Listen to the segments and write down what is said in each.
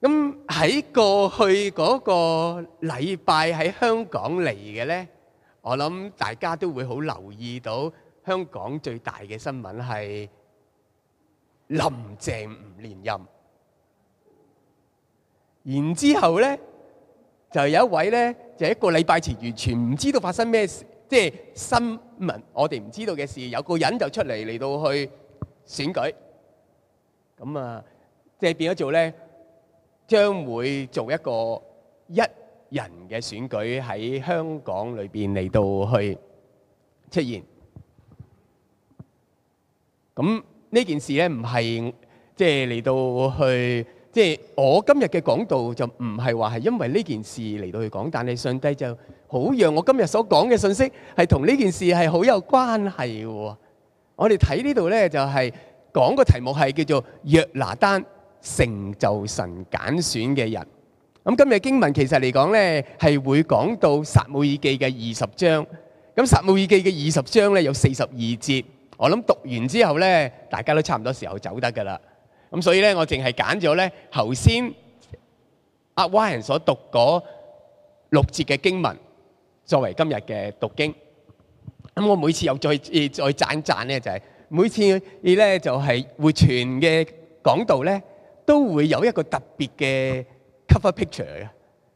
咁喺過去嗰個禮拜喺香港嚟嘅咧，我諗大家都會好留意到香港最大嘅新聞係林鄭唔連任。然之後咧，就有一位咧，就一個禮拜前完全唔知道發生咩事，即係新聞我哋唔知道嘅事，有個人就出嚟嚟到去選舉。咁啊，即係變咗做咧。將會做一個一人嘅選舉喺香港裏邊嚟到去出現。咁呢件事咧唔係即係嚟到去，即係我今日嘅講道就唔係話係因為呢件事嚟到去講，但係上帝就好讓我今日所講嘅信息係同呢件事係好有關係嘅。我哋睇呢度咧就係講個題目係叫做約拿單，成就神揀選嘅人。咁今日經文其實嚟講咧，係會講到撒母耳記嘅二十章。咁撒母耳記嘅二十章咧，有四十二節。我諗讀完之後咧，大家都差唔多時候走得噶啦。咁所以咧，我淨係揀咗咧，頭先阿華所讀嗰六節嘅經文作為今日嘅讀經。咁我每次又再再讚讚咧，就係、是、每次咧就係、是、會傳嘅講道咧，都會有一個特別嘅 cover picture 嘅，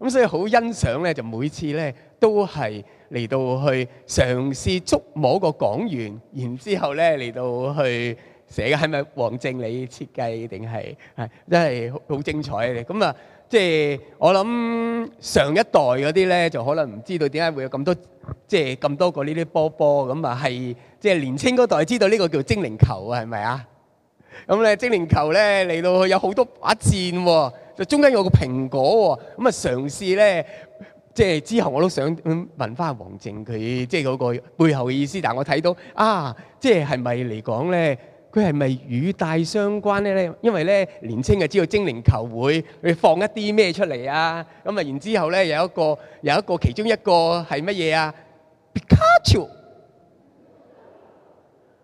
咁所以好欣賞咧，就每次咧都係嚟到去嘗試捉摸個講員，然之後咧嚟到去寫嘅係咪王正理設計定係係真係好精彩嘅，咁啊即係我諗上一代嗰啲咧就可能唔知道點解會有咁多即係咁多個呢啲波波，咁啊係即係年青嗰代知道呢個叫精靈球啊，係咪啊？咁咧，精靈球咧嚟到佢有好多把箭喎、哦，就中間有個蘋果喎、哦，咁啊嘗試咧，即係之後我都想問翻黃靜佢，即係嗰個背後嘅意思。但係我睇到啊，即係係咪嚟講咧，佢係咪語帶相關咧咧？因為咧年青啊知道精靈球會放一啲咩出嚟啊，咁啊然之後咧有一個有一個其中一個係乜嘢啊？皮卡丘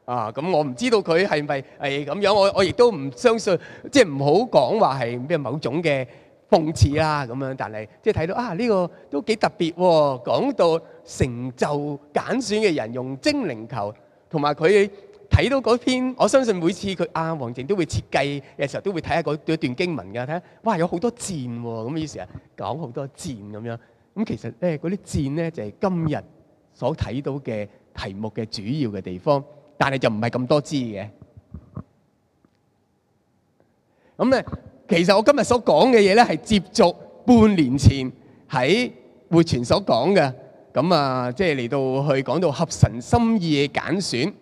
啊！咁我唔知道佢係咪係咁樣，我我亦都唔相信，即係唔好講話係咩某種嘅諷刺啦咁樣。但係即係睇到啊呢個都幾特別喎，講到成就揀選嘅人用精靈球，同埋佢睇到嗰篇，我相信每次佢啊王靜都會設計嘅時候都會睇下嗰一段經文㗎。睇下哇有好多箭喎，咁於是啊講好多箭咁樣。咁其實咧嗰啲箭咧就係今日所睇到嘅題目嘅主要嘅地方。但係就唔係咁多知嘅。咁咧，其實我今日所講嘅嘢咧，係接續半年前喺活泉所講嘅。咁啊，即係嚟到去講到合神心意嘅揀選。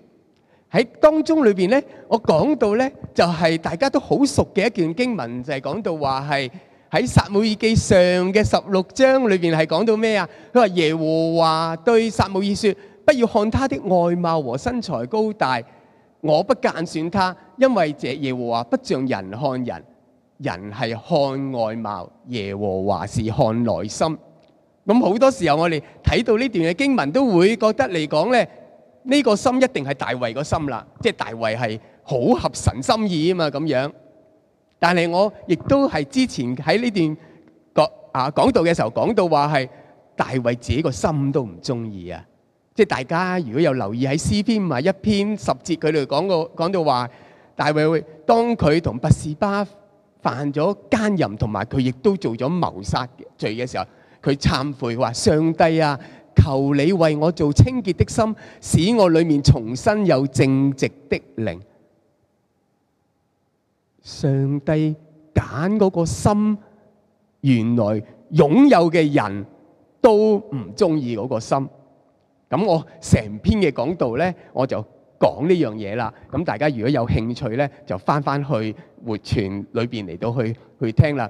喺當中裏邊咧，我講到咧，就係大家都好熟嘅一段經文，就係講到話係喺撒母耳記上嘅十六章裏邊係講到咩啊？佢話耶和華對撒母耳說。不要看他的外貌和身材高大，我不揀選他，因為這耶和華不像人看人，人係看外貌，耶和華是看內心。咁好多時候我哋睇到呢段嘅經文，都會覺得嚟講咧，呢個心一定係大衛個心啦，即係大衛係好合神心意啊嘛。咁樣，但係我亦都係之前喺呢段講啊講到嘅時候，講到話係大衛自己個心都唔中意啊。即係大家，如果有留意喺詩篇五十一篇十節，佢哋講到講到話，大衛當佢同拔士巴犯咗奸淫，同埋佢亦都做咗謀殺罪嘅時候，佢懺悔話，上帝啊，求你為我做清潔的心，使我裏面重新有正直的靈。上帝揀嗰個心，原來擁有嘅人都唔中意嗰個心。咁我成篇嘅講道咧，我就講呢樣嘢啦。咁大家如果有興趣咧，就翻翻去活泉裏邊嚟到去去聽啦。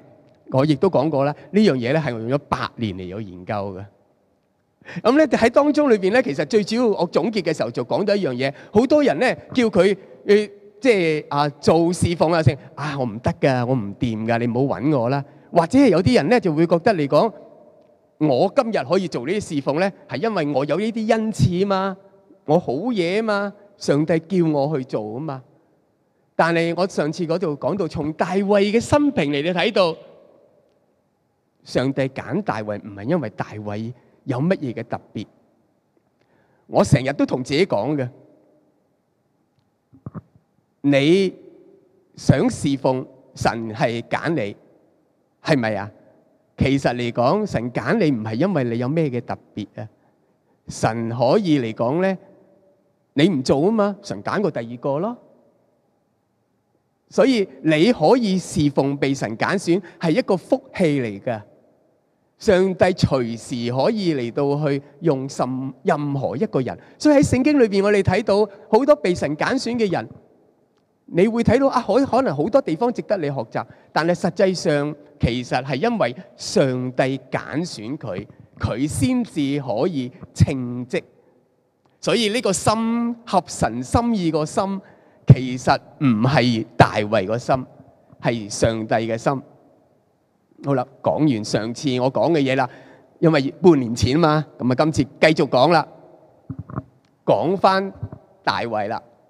我亦都講過啦，呢樣嘢咧係我用咗八年嚟有研究嘅。咁咧喺當中裏邊咧，其實最主要我總結嘅時候就講咗一樣嘢。好多人咧叫佢誒即係啊做事奉啊，我唔得噶，我唔掂噶，你唔好揾我啦。或者係有啲人咧就會覺得嚟講。我今日可以做呢啲侍奉咧，係因為我有呢啲恩賜嘛，我好嘢嘛，上帝叫我去做啊嘛。但係我上次嗰度講到，從大衛嘅生平嚟到睇到，上帝揀大衛唔係因為大衛有乜嘢嘅特別。我成日都同自己講嘅，你想侍奉神係揀你，係咪啊？其實嚟講，神揀你唔係因為你有咩嘅特別啊！神可以嚟講咧，你唔做啊嘛，神揀過第二個咯。所以你可以侍奉被神揀選係一個福氣嚟㗎。上帝隨時可以嚟到去用甚任何一個人，所以喺聖經裏邊，我哋睇到好多被神揀選嘅人。你會睇到啊，可，可能好多地方值得你學習，但係實際上其實係因為上帝揀選佢，佢先至可以稱職。所以呢個心合神心意個心，其實唔係大衛個心，係上帝嘅心。好啦，講完上次我講嘅嘢啦，因為半年前嘛，咁啊，今次繼續講啦，講返大衛啦。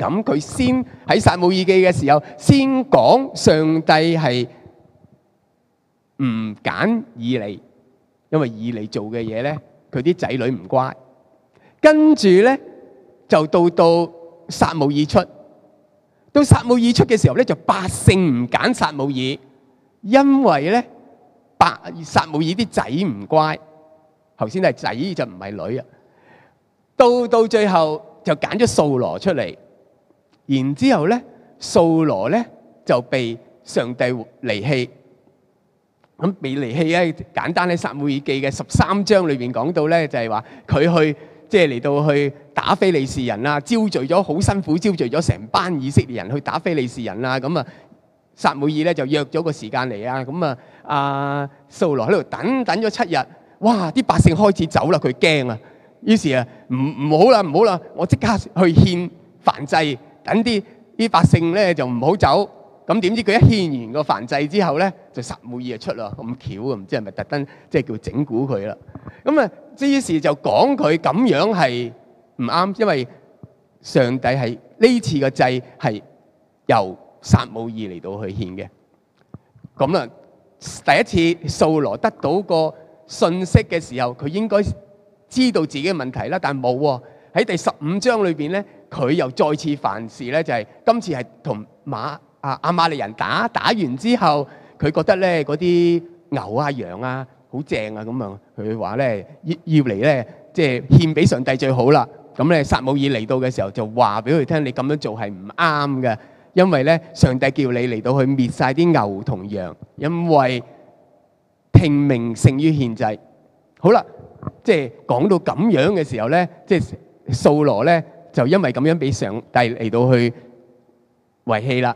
咁佢先喺撒母耳記嘅時候，先講上帝係唔揀以利，因為以利做嘅嘢咧，佢啲仔女唔乖。跟住咧就到到撒母耳出，到撒母耳出嘅時候咧，就百姓唔揀撒母耳，因為咧白撒母耳啲仔唔乖。頭先係仔就唔係女啊。到到最後就揀咗掃羅出嚟。然之後咧，掃羅咧就被上帝離棄。咁被離棄咧，簡單咧，撒母耳記嘅十三章裏邊講到咧，就係話佢去即係嚟到去打非利士人啦，招聚咗好辛苦，招聚咗成班以色列人去打非利士人啦。咁啊，撒母耳咧就約咗個時間嚟啊。咁啊，阿掃羅喺度等等咗七日，哇！啲百姓開始走啦，佢驚啊，於是啊，唔唔好啦，唔好啦，我即刻去獻燔祭。等啲啲百姓咧就唔好走，咁點知佢一獻完個燔祭之後咧，就撒母耳就出咯，咁巧啊！唔知係咪特登即係叫整蠱佢啦？咁啊，於是就講佢咁樣係唔啱，因為上帝係呢次個祭係由撒母耳嚟到去獻嘅。咁啊，第一次掃羅得到個信息嘅時候，佢應該知道自己嘅問題啦，但係冇喎。喺第十五章裏邊咧。佢又再次犯事咧，就係今次係同馬啊阿瑪利人打打完之後，佢覺得咧嗰啲牛啊羊啊好正啊，咁樣佢話咧要要嚟咧即係獻俾上帝最好啦。咁咧撒母耳嚟到嘅時候就話俾佢聽：你咁樣做係唔啱嘅，因為咧上帝叫你嚟到去滅曬啲牛同羊，因為聽命勝於獻祭。好啦，即係講到咁樣嘅時候咧，即係掃羅咧。就因為咁樣俾上帝嚟到去遺棄啦。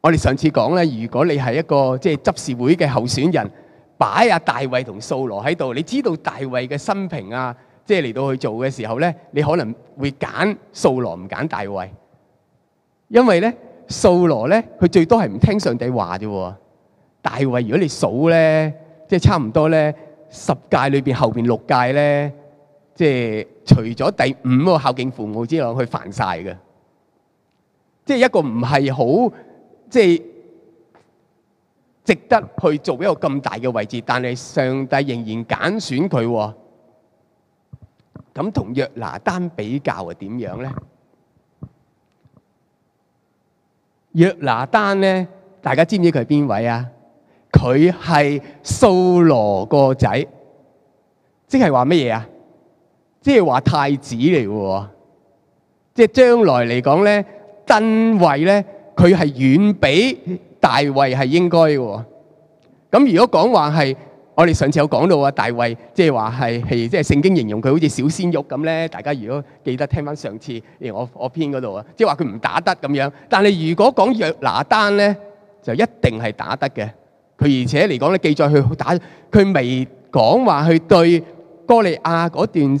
我哋上次講咧，如果你係一個即係執事會嘅候選人，擺呀大衛同掃羅喺度，你知道大衛嘅生平啊，即係嚟到去做嘅時候咧，你可能會揀掃羅唔揀大衛，因為咧掃羅咧佢最多係唔聽上帝話啫。大衛如果你數咧，即係差唔多咧十屆裏面後面六屆咧。即係除咗第五個孝敬父母之外，佢犯晒嘅。即係一個唔係好即係值得去做一個咁大嘅位置，但係上帝仍然揀選佢。咁同約拿單比較係點樣咧？約拿單咧，大家知唔知佢係邊位啊？佢係掃羅個仔，即係話乜嘢啊？即係話太子嚟喎，即係將來嚟講咧，登位咧，佢係遠比大衛係應該嘅。咁如果講話係我哋上次有講到啊，大衛即係話係係即係聖經形容佢好似小鮮肉咁咧。大家如果記得聽返上次我，我我篇嗰度啊，即係話佢唔打得咁樣，但係如果講約拿單咧，就一定係打得嘅。佢而且嚟講咧，記載佢打佢未講話去對哥利亞嗰段。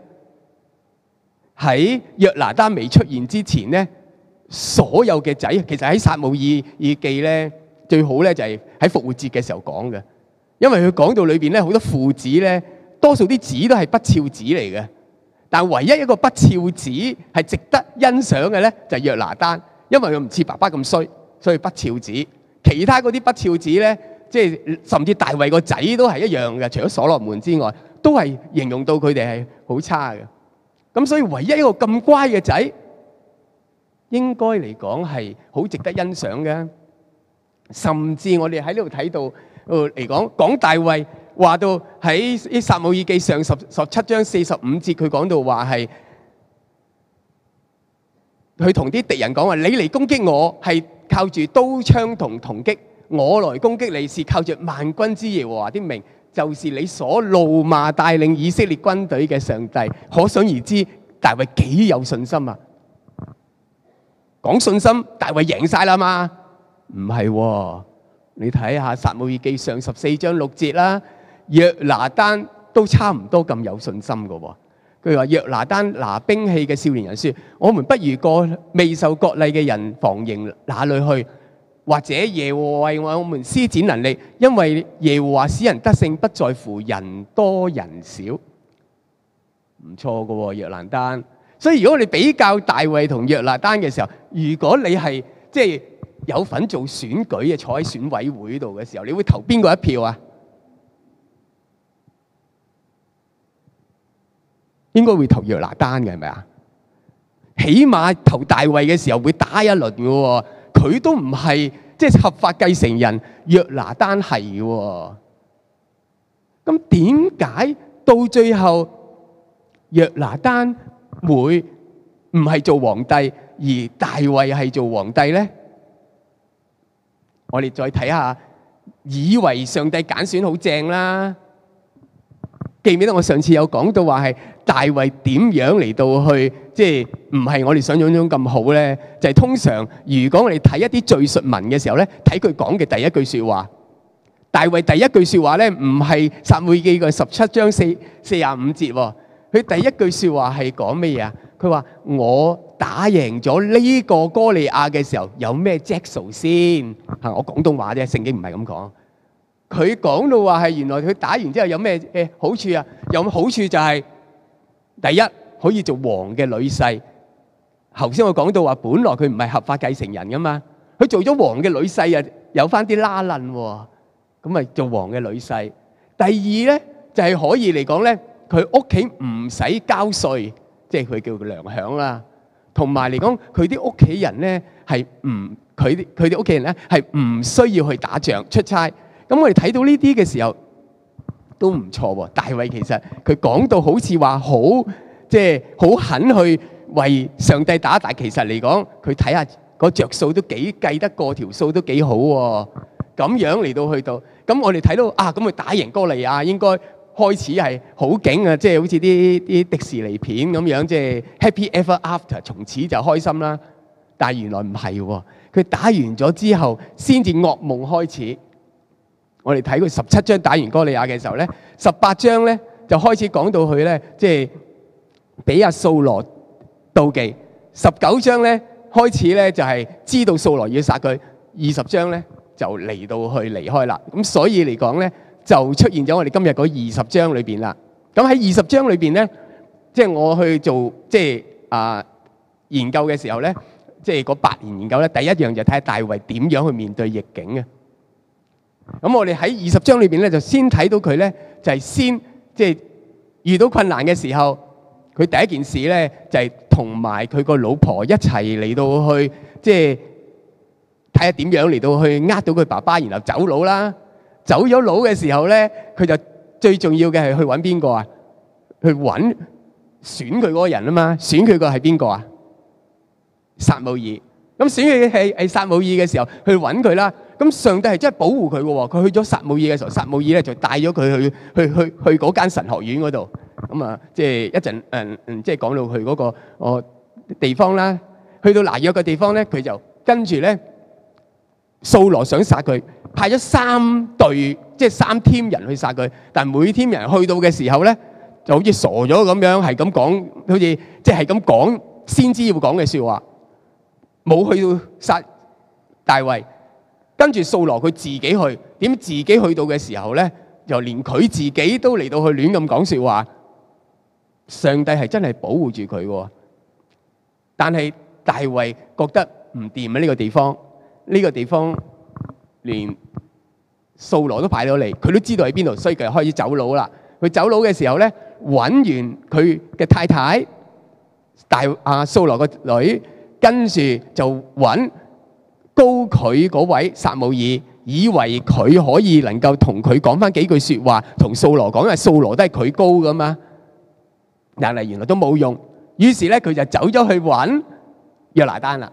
喺約拿單未出現之前咧，所有嘅仔其實喺撒母耳記咧最好咧就係喺復活節嘅時候講嘅，因為佢講到裏邊咧好多父子咧，多數啲子都係不肖子嚟嘅。但唯一一個不肖子係值得欣賞嘅咧，就係約拿單，因為佢唔似爸爸咁衰，所以不肖子。其他嗰啲不肖子咧，即係甚至大衛個仔都係一樣嘅，除咗所羅門之外，都係形容到佢哋係好差嘅。咁所以唯一一個咁乖嘅仔，應該嚟講係好值得欣賞嘅。甚至我哋喺呢度睇到，嚟講講大衛話到喺《撒母耳記》上十十七章四十五節，佢講到話係佢同啲敵人講話，你嚟攻擊我係靠住刀槍同銅戟，我來攻擊你是靠住萬軍之耶和華啲名。就是你所怒罵帶領以色列軍隊嘅上帝，可想而知大衛幾有信心啊！講信心，大衛贏晒啦嘛？唔係，你睇下撒母耳記上十四章六節啦，約拿單都差唔多咁有信心㗎喎。佢話約拿單拿兵器嘅少年人說：我們不如過未受割禮嘅人防營那裏去。或者耶和華為我們施展能力，因為耶和華使人得勝，不在乎人多人少，唔錯噶喎，約拿單。所以如果你比較大衛同約拿單嘅時候，如果你係即係有份做選舉嘅，坐喺選委會度嘅時候，你會投邊個一票啊？應該會投約拿單嘅，係咪啊？起碼投大衛嘅時候會打一輪嘅喎。佢都唔係即係合法繼承人，約拿單係喎。咁點解到最後約拿單會唔係做皇帝，而大衛係做皇帝咧？我哋再睇下，以為上帝揀選好正啦。記唔記得我上次有講到話係大衛點樣嚟到去，即係唔係我哋想像中咁好呢。就係通常，如果我哋睇一啲敘述文嘅時候呢，睇佢講嘅第一句說話，大衛第一句說話呢，唔係撒母耳記嘅十七章四四十五節喎，佢第一句說話係講咩嘢？佢話我打贏咗呢個哥利亞嘅時候，有咩著數先？我廣東話啫，聖經唔係咁講。佢講到話係原來佢打完之後有咩誒好處啊？有好處就係第一可以做王嘅女婿。頭先我講到話本來佢唔係合法繼承人噶嘛，佢做咗王嘅女婿啊，有翻啲拉楞喎。咁咪做王嘅女婿。第二咧就係可以嚟講咧，佢屋企唔使交稅，即係佢叫做糧餉啦。同埋嚟講佢啲屋企人咧係唔佢佢哋屋企人咧係唔需要去打仗出差。咁我哋睇到呢啲嘅時候都唔錯喎。大衛其實佢講到好似話好即係好肯去為上帝打，但係其實嚟講，佢睇下個著數都幾計得過條數都幾好喎。咁樣嚟到去到咁，我哋睇到啊，咁佢打贏哥利亞，應該開始係、就是、好勁啊，即係好似啲啲迪士尼片咁樣，即、就、係、是、Happy Ever After，從此就開心啦。但係原來唔係喎，佢打完咗之後，先至噩夢開始。我哋睇佢十七章打完歌利亞嘅時候咧，十八章咧就開始講到佢咧，即係俾阿掃羅妒忌。十九章咧開始咧就係知道掃羅要殺佢。二十章咧就嚟到去離開啦。咁所以嚟講咧，就出現咗我哋今日嗰二十章裏邊啦。咁喺二十章裏邊咧，即係我去做即係啊研究嘅時候咧，即係嗰八年研究咧，第一樣就睇下大衛點樣去面對逆境嘅。咁我哋喺二十章裏邊咧，就先睇到佢咧，就係先即係遇到困難嘅時候，佢第一件事咧就係同埋佢個老婆一齊嚟到去，即係睇下點樣嚟到去呃到佢爸爸，然後走佬啦。走咗佬嘅時候咧，佢就最重要嘅係去揾邊個啊？去揾選佢嗰個人啊嘛？選佢個係邊個啊？撒母耳。咁選佢係係撒母耳嘅時候，去揾佢啦。咁上帝係真係保護佢嘅喎，佢去咗撒母耳嘅時候，撒母耳咧就帶咗佢去去去去嗰間神學院嗰度。咁啊，即係一陣誒誒，即係講到去嗰個哦地方啦。去到拿約嘅地方咧，佢就跟住咧，掃羅想殺佢，派咗三隊，即係三 team 人去殺佢。但係每 team 人去到嘅時候咧，就好似傻咗咁樣，係咁講，好似即係係咁講先知要講嘅説話，冇去到殺大衛。跟住掃羅佢自己去，點自己去到嘅時候咧，又連佢自己都嚟到去亂咁講說話。上帝係真係保護住佢嘅，但係大衛覺得唔掂喺呢個地方，呢個地方連掃羅都派咗嚟，佢都知道喺邊度，所以佢開始走佬啦。佢走佬嘅時候咧，揾完佢嘅太太大阿掃羅個女，跟住就揾。高佢嗰位撒母耳，以為佢可以能夠同佢講翻幾句說話，同掃羅講，因為掃羅都係佢高噶嘛。但係原來都冇用，於是咧佢就走咗去揾約拿單啦。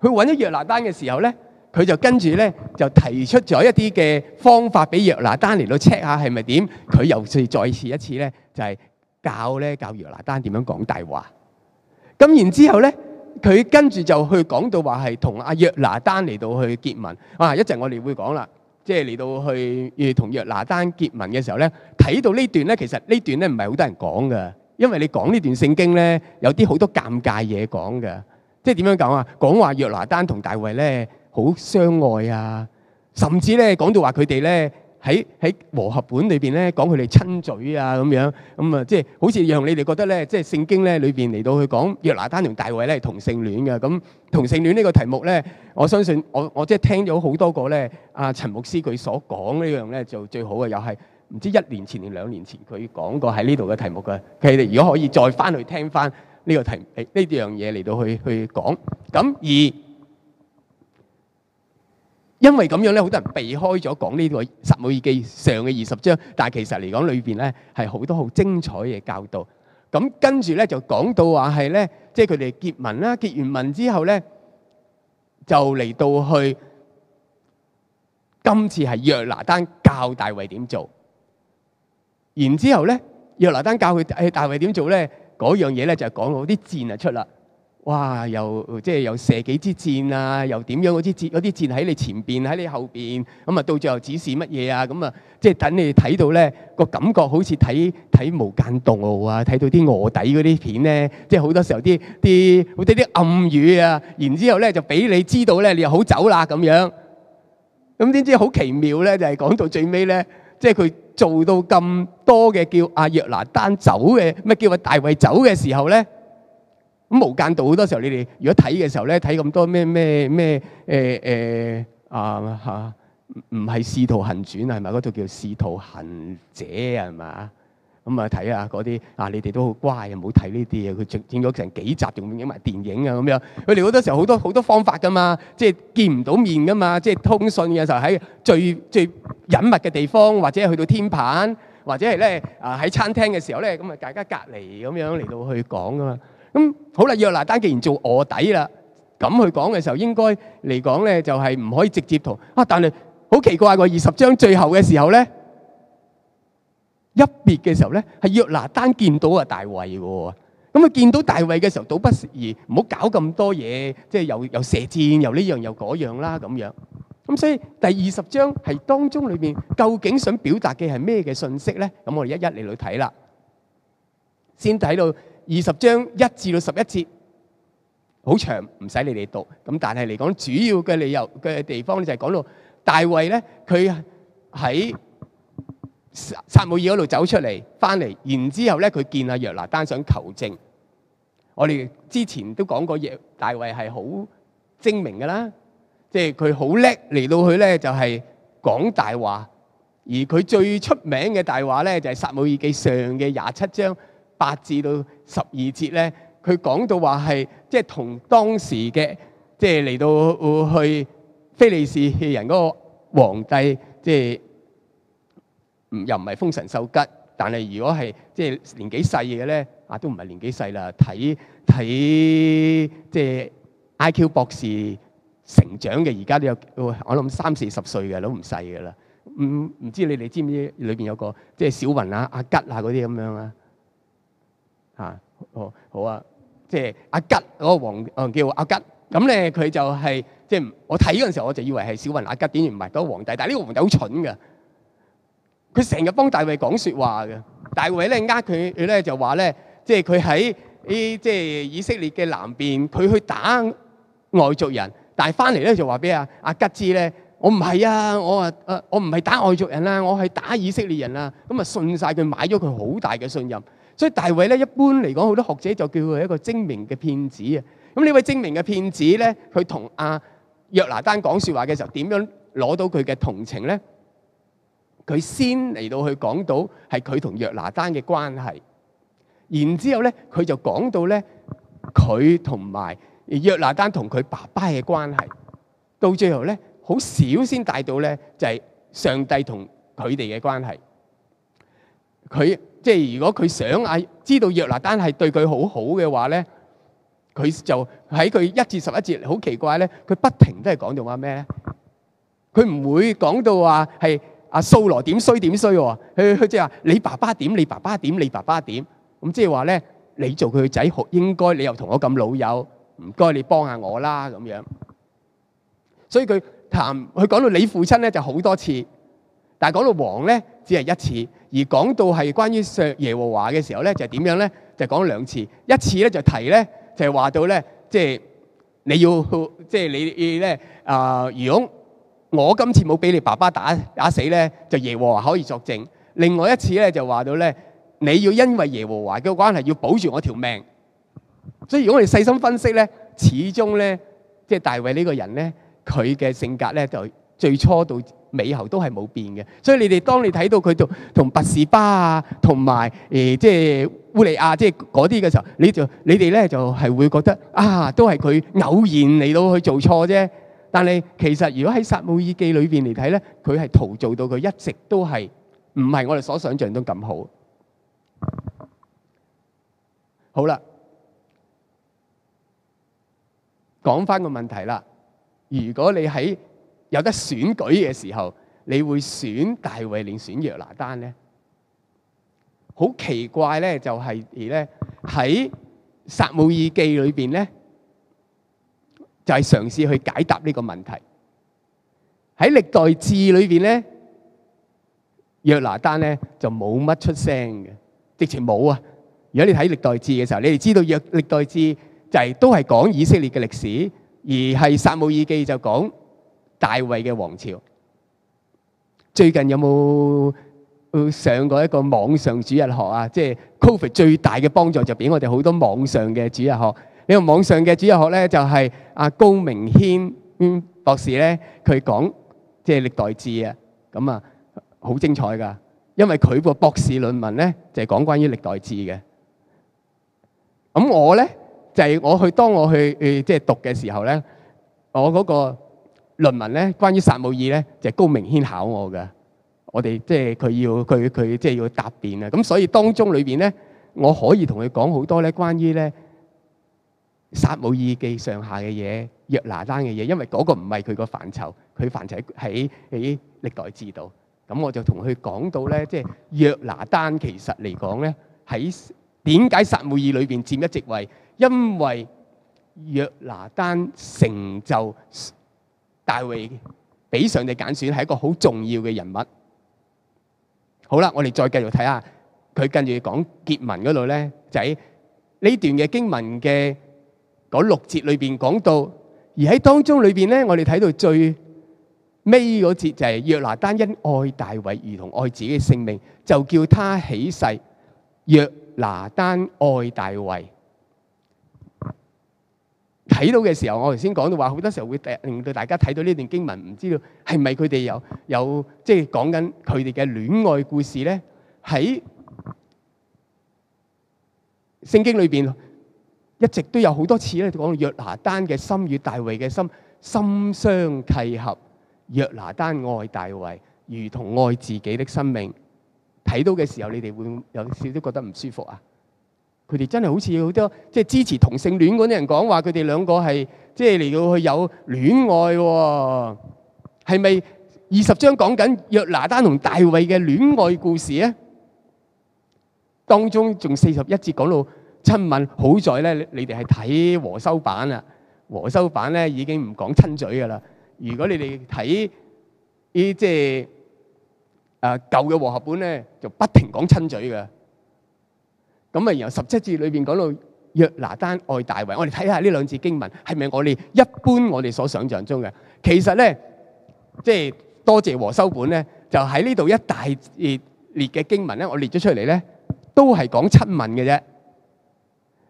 佢揾咗約拿單嘅時候咧，佢就跟住咧就提出咗一啲嘅方法俾約拿單嚟到 check 下係咪點。佢又再再次一次咧就係教咧教約拿單點樣講大話。咁然之後咧。佢跟住就去講到話係同阿約拿單嚟到去結盟。啊一陣我哋會講啦，即係嚟到去誒同約拿單結盟嘅時候咧，睇到呢段咧，其實呢段咧唔係好多人講噶，因為你講呢段聖經咧，有啲好多尷尬嘢講噶，即係點樣講啊？講話約拿單同大衛咧好相愛啊，甚至咧講到話佢哋咧。喺喺和合本裏邊咧講佢哋親嘴啊咁樣，咁啊即係好似讓你哋覺得咧，即係聖經咧裏邊嚟到去講約拿單同大衛咧係同性戀嘅，咁同性戀呢個題目咧，我相信我我即係聽咗好多個咧，阿陳牧師佢所講呢樣咧就最好嘅，又係唔知一年前定兩年前佢講過喺呢度嘅題目噶，佢哋如果可以再翻去聽翻呢個題呢樣嘢嚟到去去講，咁而。因為咁樣咧，好多人避開咗講呢個撒母耳記上嘅二十章，但係其實嚟講裏邊咧係好多好精彩嘅教導。咁跟住咧就講到話係咧，即係佢哋結盟啦，結完盟之後咧就嚟到去今次係約拿單教大衛點做，然之後咧約拿單教佢誒大衛點做咧，嗰樣嘢咧就講到啲箭啊出啦。哇！又即係又射幾支箭啊，又點樣嗰啲箭，嗰啲箭喺你前邊，喺你後邊咁啊。到最後指示乜嘢啊？咁啊，即係等你哋睇到咧，個感覺好似睇睇無間道啊，睇到啲臥底嗰啲片咧，即係好多時候啲啲好多啲暗語啊。然之後咧就俾你知道咧，你又好走啦咁樣。咁點知好奇妙咧？就係講到最尾咧，即係佢做到咁多嘅，叫阿約拿單走嘅，乜叫阿大衞走嘅時候咧？咁無間道好多時候，你哋如果睇嘅時候咧，睇咁多咩咩咩誒誒啊嚇，唔係使徒行傳啊，係咪？嗰度叫使徒行者係嘛？咁啊睇下嗰啲啊，你哋都好乖啊，唔好睇呢啲啊。佢整整咗成幾集，仲影埋電影啊咁樣。佢哋好多時候好多好多方法噶嘛，即係見唔到面噶嘛，即係通訊嘅時候喺最最隱密嘅地方，或者去到天棚，或者係咧啊喺餐廳嘅時候咧，咁啊大家隔離咁樣嚟到去講噶嘛。咁好啦，約拿單既然做臥底啦，咁佢講嘅時候應該嚟講咧，就係唔可以直接同啊。但係好奇怪喎，二十章最後嘅時候咧，一別嘅時候咧，係約拿單見到啊大衛喎。咁啊見到大衛嘅時候，倒不如唔好搞咁多嘢，即係又又射箭，又呢樣又嗰樣啦咁樣。咁所以第二十章係當中裏面究竟想表達嘅係咩嘅信息咧？咁我哋一一嚟睇啦，先睇到。二十章一至到十一節，好長，唔使你哋讀。咁但係嚟講，主要嘅理由嘅地方咧，就係講到大衛咧，佢喺撒撒母耳嗰度走出嚟，翻嚟，然之後咧，佢見阿約拿單想求證。我哋之前都講過，耶大衛係好精明㗎啦，即係佢好叻嚟到，去咧就係講大話。而佢最出名嘅大話咧，就係撒母耳記上嘅廿七章八至到十二節咧，佢講到話係即係同當時嘅即係嚟到去非利士人嗰個皇帝，即係唔又唔係封神受吉，但係如果係即係年紀細嘅咧，啊都唔係年紀細啦，睇睇即係 IQ 博士成長嘅，而家都有我諗三四十歲嘅都唔細嘅啦。唔、嗯、唔知你哋知唔知裏邊有個即係小雲啊、阿、啊、吉啊嗰啲咁樣啊？啊，好好啊，即係阿吉嗰個王，嗯，叫阿吉。咁咧，佢就係即係我睇嗰陣時候，我就以為係小雲阿吉，竟然唔係，嗰個皇帝。但係呢個皇帝好蠢嘅，佢成日幫大衛講説話嘅。大衛咧呃佢，佢咧就話咧，即係佢喺啲即係以色列嘅南邊，佢去打外族人，但係翻嚟咧就話俾阿阿吉知咧，我唔係啊，我啊，我唔係打外族人啦，我係打以色列人啦。咁啊，信晒佢，買咗佢好大嘅信任。所以大衛咧，一般嚟講，好多學者就叫佢一個精明嘅騙子啊！咁呢位精明嘅騙子咧，佢同阿約拿單講説話嘅時候，點樣攞到佢嘅同情咧？佢先嚟到去講到係佢同約拿單嘅關係，然之後咧，佢就講到咧佢同埋約拿單同佢爸爸嘅關係，到最後咧，好少先帶到咧就係上帝同佢哋嘅關係。佢。即係如果佢想啊，知道約拿單係對佢好好嘅話咧，佢就喺佢一至十一節好奇怪咧，佢不停都係講到話咩？佢唔會講到話係阿掃羅點衰點衰，佢，佢即係話你爸爸點你爸爸點你爸爸點咁，即係話咧你做佢嘅仔好應該，你又同我咁老友，唔該你幫下我啦咁樣。所以佢談佢講到你父親咧就好多次，但係講到王咧只係一次。而講到係關於上耶和華嘅時候咧，就點樣咧？就講兩次，一次咧就提咧，就話到咧，即係你要即係你咧啊，呃！如果我今次冇俾你爸爸打打死咧，就耶和華可以作證。另外一次咧就話到咧，你要因為耶和華嘅關係要保住我條命。所以如果我哋細心分析咧，始終咧，即係大衛呢個人咧，佢嘅性格咧就最初到。尾後都係冇變嘅，所以你哋當你睇到佢做同拔士巴啊，同埋誒即係烏利亞即係嗰啲嘅時候，你就你哋咧就係會覺得啊，都係佢偶然嚟到去做錯啫。但係其實如果喺撒母耳記裏邊嚟睇咧，佢係徒做到佢一直都係唔係我哋所想像中咁好。好啦，講翻個問題啦，如果你喺有得選舉嘅時候，你會選大衛定選約拿單咧？好奇怪咧、就是，就係而咧喺撒母耳記裏邊咧，就係嘗試去解答呢個問題，喺歷代志裏邊咧，約拿單咧就冇乜出聲嘅，直情冇啊。如果你睇歷代志嘅時候，你哋知道約歷代志就係、是、都係講以色列嘅歷史，而係撒母耳記就講。大衛嘅王朝最近有冇上過一個網上主日學啊？即係 Covid 最大嘅幫助就俾我哋好多網上嘅主日學。呢個網上嘅主日學咧就係阿高明軒博士咧，佢講即係歷代志啊，咁啊好精彩噶。因為佢個博士論文咧就係講關於歷代志嘅。咁我咧就係我去當我去誒，即係讀嘅時候咧，我嗰個。論文咧，關於撒母耳咧，就高明軒考我㗎。我哋即係佢，要佢佢即係要答辯啊。咁所以當中裏邊咧，我可以同佢講好多咧，關於咧撒母耳記上下嘅嘢，約拿單嘅嘢，因為嗰個唔係佢個範疇，佢範疇喺喺歷代志度。咁我就同佢講到咧，即係約拿單其實嚟講咧，喺點解撒母耳裏邊佔一席位？因為約拿單成就。大衛俾上帝揀選，係一個好重要嘅人物。好啦，我哋再繼續睇下佢跟住講結文嗰度咧，就喺呢段嘅經文嘅嗰六節裏邊講到，而喺當中裏邊咧，我哋睇到最尾嗰節就係約拿單因愛大衛如同愛自己嘅性命，就叫他起誓。約拿單愛大衛。睇到嘅時候，我頭先講到話，好多時候會令到大家睇到呢段經文，唔知道係咪佢哋有有即係講緊佢哋嘅戀愛故事咧？喺聖經裏邊一直都有好多次咧講到約拿單嘅心與大衛嘅心心相契合，約拿單愛大衛，如同愛自己的生命。睇到嘅時候，你哋會有少少覺得唔舒服啊？佢哋真係好似好多即係支持同性戀嗰啲人講話，佢哋兩個係即係嚟到去有戀愛喎？係咪二十章講緊約拿單同大衛嘅戀愛故事咧？當中仲四十一節講到親吻，好在咧你哋係睇和修版啦，和修版咧已經唔講親嘴㗎喇。如果你哋睇啲即係啊舊嘅和合本咧，就不停講親嘴嘅。咁啊，然後十七節裏邊講到約拿單愛大衛，我哋睇下呢兩節經文係咪我哋一般我哋所想象中嘅？其實咧，即係多謝和修本咧，就喺呢度一大列嘅經文咧，我列咗出嚟咧，都係講親吻嘅啫。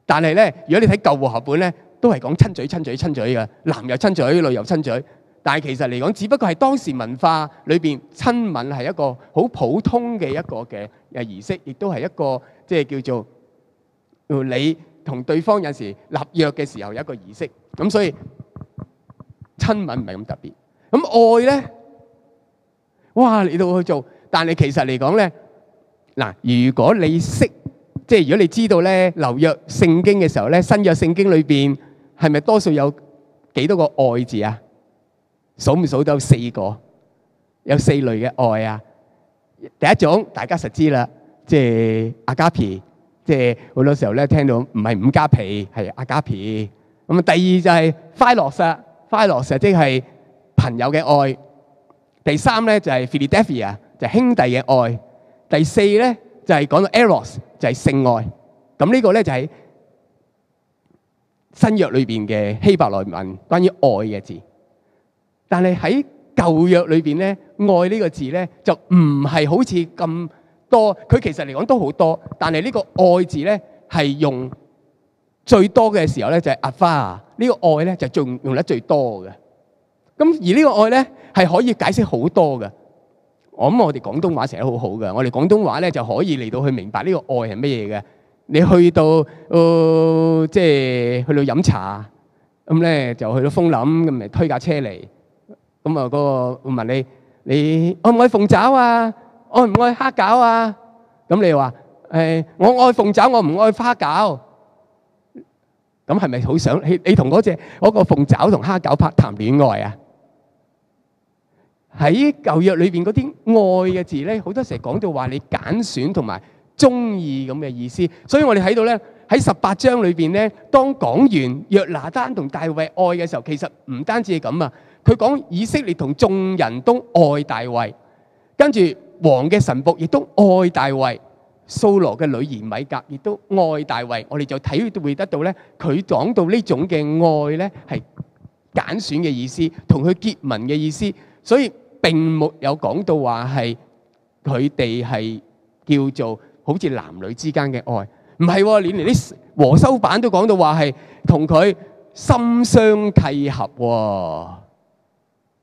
但係咧，如果你睇舊和合本咧，都係講親嘴、親嘴、親嘴嘅，男又親嘴，女又親嘴。但係其實嚟講，只不過係當時文化裏邊親吻係一個好普通嘅一個嘅誒儀式，亦都係一個。即係叫做你同對方有時立約嘅時候有一個儀式，咁所以親吻唔係咁特別。咁愛咧，哇你都去做，但係其實嚟講咧，嗱，如果你識，即係如果你知道咧，立約聖經嘅時候咧，新約聖經裏邊係咪多數有幾多個愛字啊？數唔數到有四個？有四類嘅愛啊。第一種大家實知啦。即係阿加皮，即係好多時候咧聽到唔係五加皮，係阿加皮。咁啊，第二就係 Philos，Philos 即係朋友嘅愛。第三咧就係 Philadelphia，就係兄弟嘅愛。第四咧就係講到 Eros，就係性愛。咁呢個咧就係新約裏邊嘅希伯來文關於愛嘅字。但係喺舊約裏邊咧，愛呢個字咧就唔係好似咁多，佢其實嚟講都好多，但係呢個愛字咧係用最多嘅時候咧就係阿花啊，呢個愛咧就仲用得最多嘅。咁而呢個愛咧係可以解釋好多嘅。我諗我哋廣東話寫得好好嘅，我哋廣東話咧就可以嚟到去明白呢個愛係乜嘢嘅。你去到，誒，即係去到飲茶，咁咧就去到風林咁咪推架車嚟，咁啊嗰個會問你，你可唔可以鳳爪啊？愛唔愛蝦餃啊？咁你又話誒，我愛鳳爪，我唔愛花餃。咁係咪好想你？你同嗰隻嗰個鳳爪同蝦餃拍談戀愛啊？喺舊約裏邊嗰啲愛嘅字咧，好多時講到話你揀選同埋中意咁嘅意思。所以我哋睇到咧喺十八章裏邊咧，當講完約拿單同大衛愛嘅時候，其實唔單止係咁啊。佢講以色列同眾人都愛大衛，跟住，王嘅神僕亦都愛大衛，蘇羅嘅女兒米格亦都愛大衛。我哋就體會得到咧，佢講到呢種嘅愛咧，係揀選嘅意思，同佢結盟嘅意思。所以並沒有講到話係佢哋係叫做好似男女之間嘅愛，唔係，連連啲和修版都講到話係同佢心相契合喎。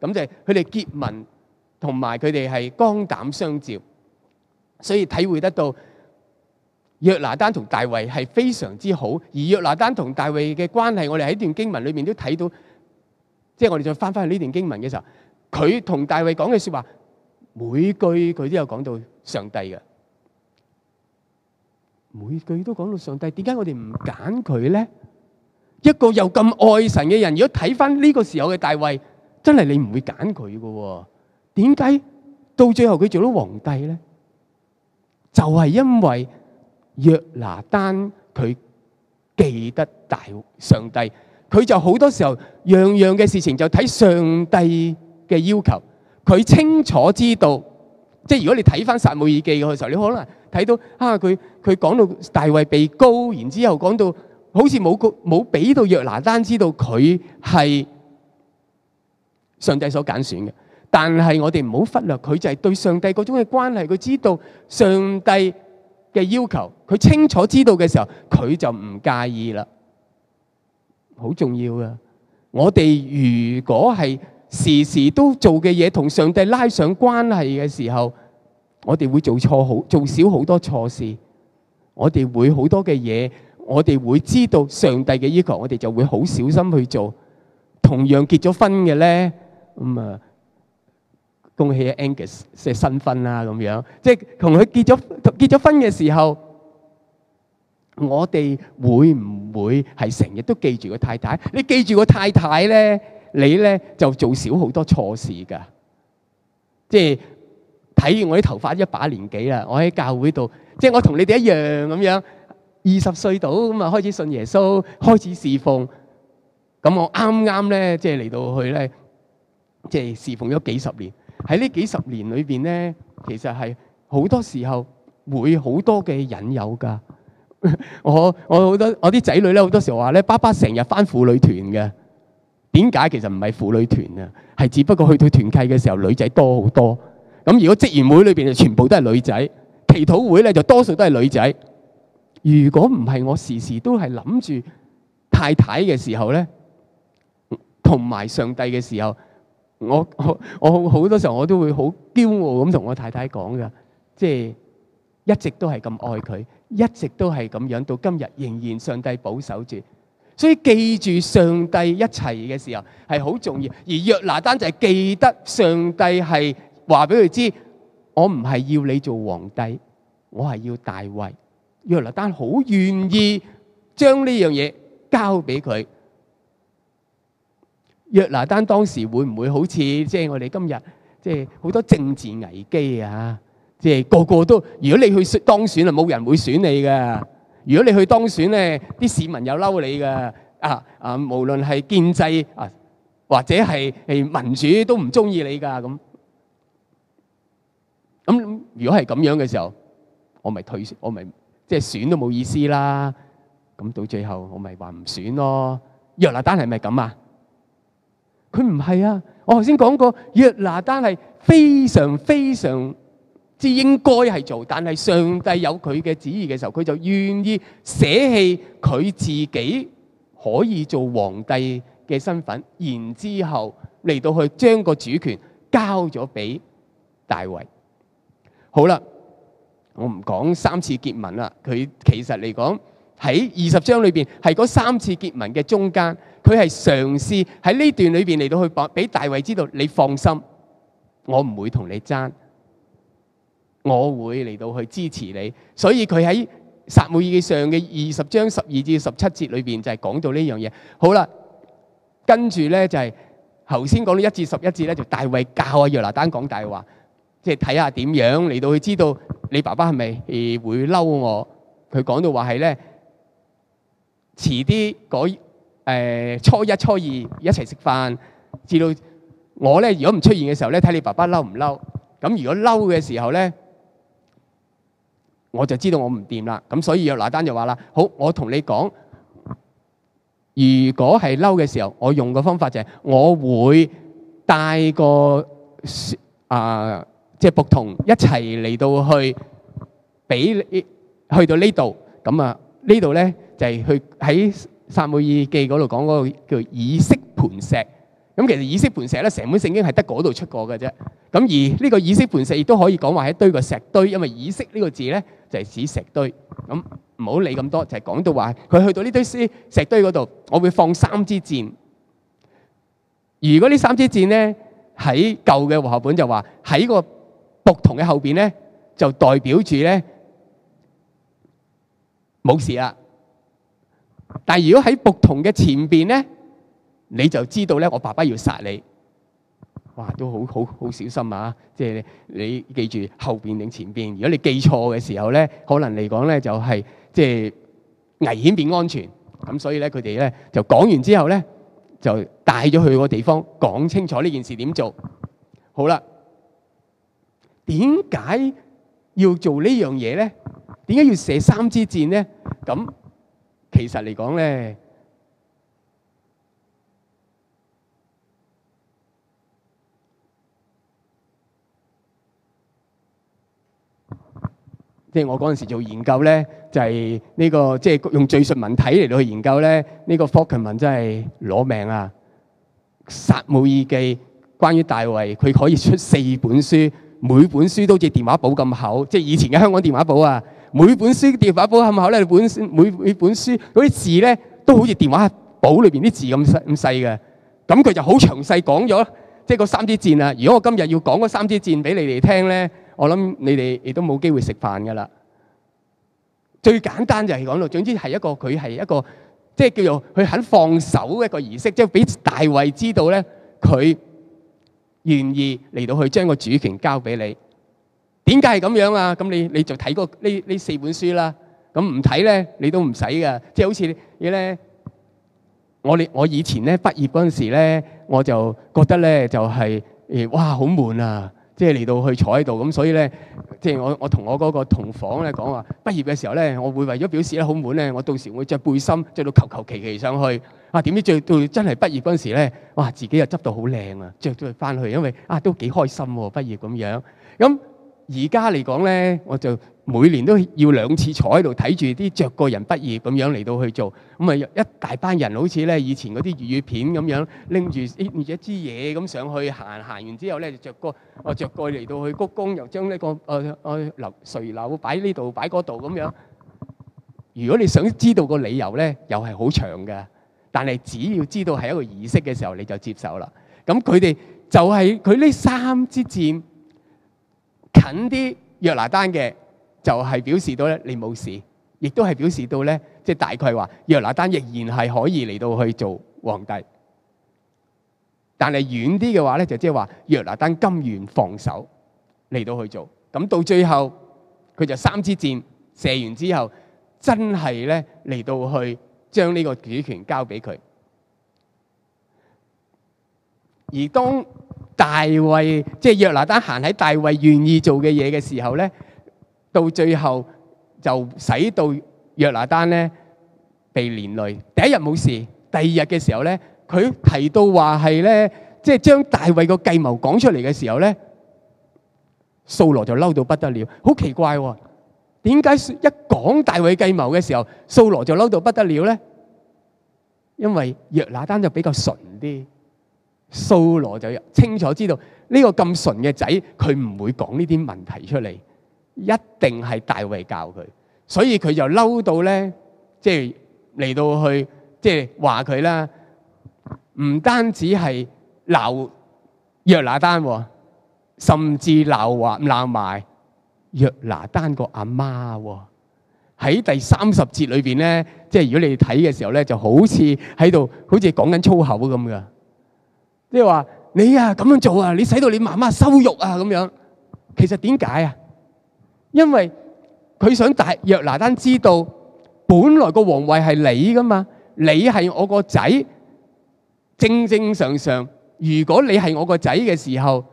咁就係佢哋結盟，同埋佢哋係肝膽相照，所以體會得到約拿單同大衛係非常之好。而約拿單同大衛嘅關係，我哋喺一段經文裏面都睇到，即係我哋再翻翻去呢段經文嘅時候，佢同大衛講嘅說話，每句佢都有講到上帝嘅，每句都講到上帝。點解我哋唔揀佢咧？一個又咁愛神嘅人，如果睇翻呢個時候嘅大衛。真係你唔會揀佢噶點解到最後佢做咗皇帝咧？就係因為約拿單。佢記得大上帝，佢就好多時候樣樣嘅事情就睇上帝嘅要求，佢清楚知道。即係如果你睇翻撒母耳記嘅時候，你可能睇到啊，佢佢講到大衛被膏，然之後講到好似冇個冇俾到約拿單知道佢係上帝所揀選嘅，但係我哋唔好忽略。佢就係對上帝嗰種嘅關係，佢知道上帝嘅要求，佢清楚知道嘅時候，佢就唔介意啦。好重要呀！我哋如果係時時都做嘅嘢同上帝拉上關係嘅時候，我哋會做錯好做少好多錯事。我哋會好多嘅嘢，我哋會知道上帝嘅要求，我哋就會好小心去做。同樣結咗婚嘅咧。咁啊，恭喜 Angus 嘅新婚啦！咁樣，即係同佢結咗結咗婚嘅時候，我哋會唔會係成日都記住個太太？你記住個太太咧，你咧就做少好多錯事㗎。即係睇完我啲頭髮一把年幾紀啦，我喺教會度，即係我同你哋一樣咁樣，二十歲到咁啊，開始信耶穌，開始侍奉。咁我啱啱咧，即係嚟到去咧。即係侍奉咗幾十年，喺呢幾十年裏邊咧，其實係好多時候會好多嘅引誘㗎。 我我好多我啲仔女咧，好多時候話咧，爸爸成日返婦女團㗎，點解其實唔係婦女團啊？係只不過去到團契嘅時候，女仔多好多咁。如果職員會裏邊就全部都係女仔，祈禱會咧就多數都係女仔。如果唔係，我時時都係諗住太太嘅時候咧，同埋上帝嘅時候。我我我好多時候我都會好驕傲咁同我太太講㗎，即係一直都係咁愛佢，一直都係咁樣到今日仍然上帝保守住，所以記住上帝一齊嘅時候係好重要。而約拿單就係記得上帝係話俾佢知，我唔係要你做皇帝，我係要大衛。約拿單好願意將呢樣嘢交俾佢。約拿單當時會唔會好似即係我哋今日即係好多政治危機啊，即係個個都，如果你去選當選啊，冇人會選你㗎。如果你去當選咧，啲市民又嬲你㗎啊啊！無論係建制啊，或者係係民主都唔中意你㗎咁。咁如果係咁樣嘅時候，我咪退選，我咪即係選都冇意思啦。咁到最後我咪話唔選咯。約拿單係咪咁啊？佢唔係啊！我頭先講過，約拿單係非常非常之應該係做，但係上帝有佢嘅旨意嘅時候，佢就願意捨棄佢自己可以做皇帝嘅身份，然之後嚟到去將個主權交咗俾大衛。好啦，我唔講三次結盟啦。佢其實嚟講喺二十章裏邊係嗰三次結盟嘅中間。佢係嘗試喺呢段裏邊嚟到去講俾大衛知道，你放心，我唔會同你爭，我會嚟到去支持你。所以佢喺撒母耳記上嘅二十章十二至十七節裏邊就係講到呢樣嘢。好啦，跟住咧就係頭先講到一至十一節咧，就大衛教阿約拿單講大話，即係睇下點樣嚟到去知道你爸爸係咪會嬲我。佢講到話係咧，遲啲改。誒初一初二一齊食飯，至到我咧，如果唔出現嘅時候咧，睇你爸爸嬲唔嬲？咁如果嬲嘅時候咧，我就知道我唔掂啦。咁所以約拿單就話啦：好，我同你講，如果係嬲嘅時候，我用個方法就係，我會帶個啊，即係僕童一齊嚟到去，俾去到呢度。咁啊，呢度咧就係去喺，撒母耳記嗰度講嗰個叫以色盤石，咁其實以色盤石咧，成本聖經係得嗰度出過嘅啫。咁而呢個以色盤石亦都可以講話一堆個石堆，因為以色呢個字咧就係指石堆。咁唔好理咁多，就係講到話佢去到呢堆石石堆嗰度，我會放三支箭。如果呢三支箭咧喺舊嘅和合本就話喺個薄童嘅後邊咧，就代表住咧冇事啦。但係如果喺僕從嘅前邊咧，你就知道咧，我爸爸要殺你。哇，都好好好小心啊！即係你記住後邊定前邊。如果你記錯嘅時候咧，可能嚟講咧就係即係危險變安全。咁所以咧，佢哋咧就講完之後咧，就帶咗去個地方講清楚呢件事點做。好啦，點解要做呢樣嘢咧？點解要射三支箭咧？咁？其實嚟講咧，即係我嗰陣時做研究咧，就係呢個即係用敘述文體嚟到去研究咧，呢個福克文真係攞命啊！撒母耳記。關於大衛，佢可以出四本書，每本書都似電話簿咁厚，即係以前嘅香港電話簿啊！每本書電話簿咁厚咧，本書每每本書嗰啲字咧，都好似電話簿裏邊啲字咁細咁細嘅。咁佢就好詳細講咗，即係個三支箭啊！如果我今日要講嗰三支箭俾你哋聽咧，我諗你哋亦都冇機會食飯噶啦。最簡單就係講到，總之係一個佢係一個，即係叫做佢肯放手一個儀式，即係俾大衛知道咧，佢願意嚟到去將個主權交俾你。點解係咁樣啊？咁你你就睇過呢呢四本書啦。咁唔睇咧，你都唔使噶。即係好似咧，我你我以前咧畢業嗰陣時咧，我就覺得咧就係誒哇好悶啊！即係嚟到去坐喺度咁，所以咧即係我我同我嗰個同房咧講話畢業嘅時候咧，我會為咗表示咧好悶咧，我到時會著背心著到求求其其上去啊。點知最到真係畢業嗰陣時咧，哇自己又執到好靚啊，著咗去翻去，因為啊都幾開心喎畢業咁樣咁。而家嚟講咧，我就每年都要兩次坐喺度睇住啲著過人畢業咁樣嚟到去做，咁啊一大班人好似咧以前嗰啲粵語片咁樣拎住一支嘢咁上去行，行完之後咧就著過我著過嚟到去鞠躬，又將呢個誒誒樓垂樓擺呢度擺嗰度咁樣。如果你想知道個理由咧，又係好長嘅，但係只要知道係一個儀式嘅時候，你就接受啦。咁佢哋就係佢呢三支箭。近啲約拿單嘅就係表示到咧你冇事，亦都係表示到咧即係大概話約拿單仍然係可以嚟到去做皇帝，但係遠啲嘅話咧就即係話約拿單甘願放手嚟到去做，咁到最後佢就三支箭射完之後，真係咧嚟到去將呢個主權交俾佢，而當。大衛即係約拿單行喺大衛願意做嘅嘢嘅時候咧，到最後就使到約拿單咧被連累。第一日冇事，第二日嘅時候咧，佢提到話係咧，即係將大衛個計謀講出嚟嘅時候咧，掃羅就嬲到不得了。好奇怪喎，點解一講大衛計謀嘅時候，掃羅就嬲到不得了咧？因為約拿單就比較純啲。掃羅就清楚知道呢個咁純嘅仔，佢唔會講呢啲問題出嚟，一定係大衛教佢，所以佢就嬲到咧，即係嚟到去即係話佢啦。唔單止係鬧約拿單，甚至鬧話鬧埋約拿單個阿媽喺第三十節裏邊咧，即係如果你睇嘅時候咧，就好似喺度好似講緊粗口咁嘅。即係話你啊，咁樣做啊，你使到你媽媽羞辱啊咁樣。其實點解啊？因為佢想大約拿單知道，本來個皇位係你㗎嘛，你係我個仔，正正常常。如果你係我個仔嘅時候，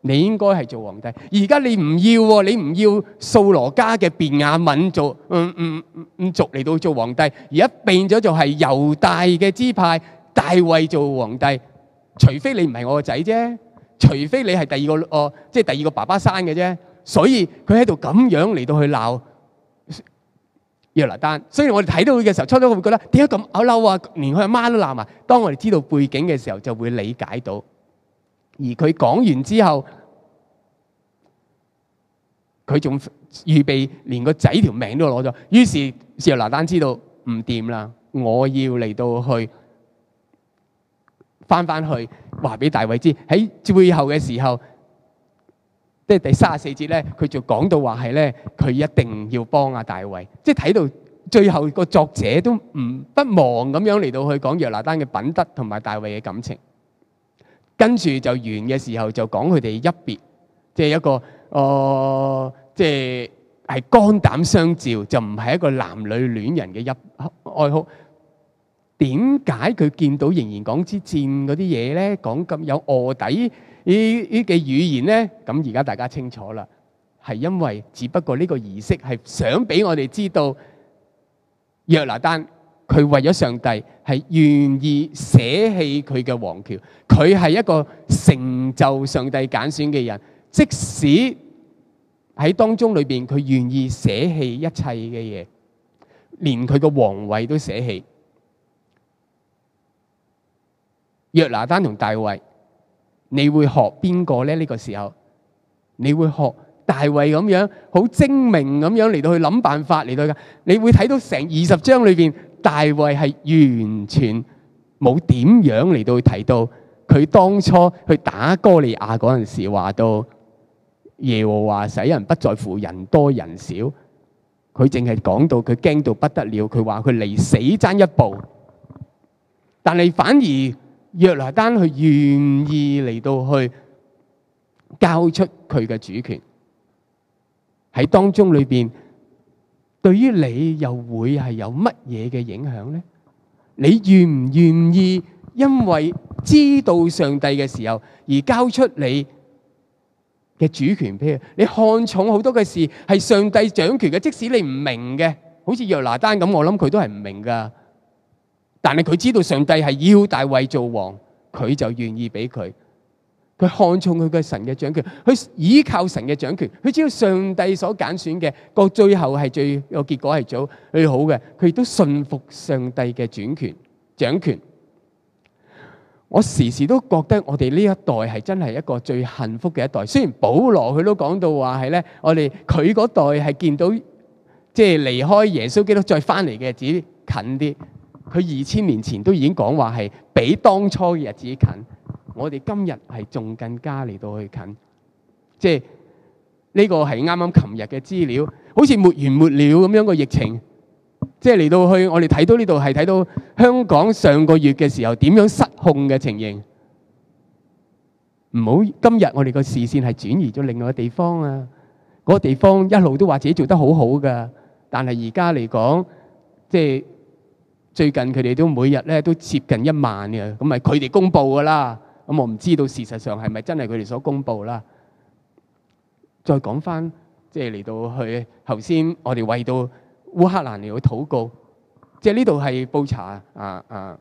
你應該係做皇帝。而家你唔要喎，你唔要掃羅家嘅便雅憫做，唔唔唔唔族嚟到做皇帝，而家變咗就係猶大嘅支派大衞做皇帝。除非你唔係我個仔啫，除非你係第二個哦，即係第二個爸爸生嘅啫。所以佢喺度咁樣嚟到去鬧約拿單。所以我哋睇到佢嘅時候，初初會覺得點解咁嬲嬲啊？連佢阿媽都鬧埋。當我哋知道背景嘅時候，就會理解到。而佢講完之後，佢仲預備連個仔條命都攞咗。於是約拿單知道唔掂啦，我要嚟到去。翻翻去，話俾大衛知喺最後嘅時候，即係第三十四節咧，佢就講到話係咧，佢一定要幫阿大衛。即係睇到最後個作者都唔不忘咁樣嚟到去講約拿單嘅品德同埋大衛嘅感情。跟住就完嘅時候就講佢哋一別，即係一個誒，即係係肝膽相照，就唔係一個男女戀人嘅一愛好。點解佢見到仍然講之戰嗰啲嘢呢？講咁有臥底呢呢嘅語言呢？咁而家大家清楚啦，係因為只不過呢個儀式係想俾我哋知道，約拿單佢為咗上帝係願意捨棄佢嘅王權，佢係一個成就上帝揀選嘅人，即使喺當中裏邊佢願意捨棄一切嘅嘢，連佢個皇位都捨棄。約拿單同大衛，你會學邊個咧？呢個時候你會學大衛咁樣好精明咁樣嚟到去諗辦法嚟到噶。你會睇到成二十章裏邊，大衛係完全冇點樣嚟到去提到佢當初去打哥利亞嗰陣時話到耶和華使人不在乎人多人少，佢淨係講到佢驚到不得了，佢話佢離死爭一步，但係反而。約拿單佢願意嚟到去交出佢嘅主權，喺當中裏邊，對於你又會係有乜嘢嘅影響咧？你願唔願意因為知道上帝嘅時候而交出你嘅主權俾佢？你看重好多嘅事係上帝掌權嘅，即使你唔明嘅，好似約拿單咁，我諗佢都係唔明噶。但係佢知道上帝係要大衛做王，佢就願意俾佢。佢看重佢個神嘅掌權，佢倚靠神嘅掌權。佢知道上帝所揀選嘅個最後係最個結果係最好好嘅，佢亦都信服上帝嘅主權掌權。我時時都覺得我哋呢一代係真係一個最幸福嘅一代。雖然保羅佢都講到話係咧，我哋佢嗰代係見到即係、就是、離開耶穌基督再翻嚟嘅日子近啲。佢二千年前都已經講話係比當初嘅日子近，我哋今日係仲更加嚟到去近，即係呢個係啱啱琴日嘅資料，好似沒完沒了咁樣個疫情，即係嚟到去我哋睇到呢度係睇到香港上個月嘅時候點樣失控嘅情形，唔好今日我哋個視線係轉移咗另外個地方啊，嗰個地方一路都話自己做得好好㗎，但係而家嚟講，即係。最近佢哋都每日咧都接近一萬嘅，咁咪佢哋公布噶啦。咁我唔知道事實上係咪真係佢哋所公布啦。再講翻，即係嚟到去頭先，我哋為到烏克蘭嚟到禱告，即係呢度係布查啊啊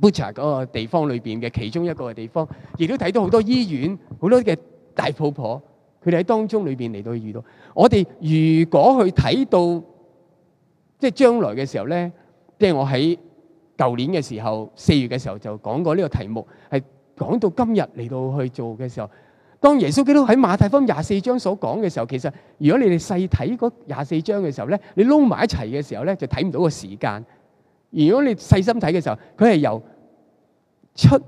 布查嗰個地方裏邊嘅其中一個嘅地方，亦都睇到好多醫院好多嘅大肚婆，佢哋喺當中裏邊嚟到遇到我哋。如果去睇到即係將來嘅時候咧。即係我喺舊年嘅時候，四月嘅時候就講過呢個題目，係講到今日嚟到去做嘅時候，當耶穌基督喺馬太福音廿四章所講嘅時候，其實如果你哋細睇嗰廿四章嘅時候咧，你撈埋一齊嘅時候咧，就睇唔到個時間。如果你細心睇嘅時候，佢係由出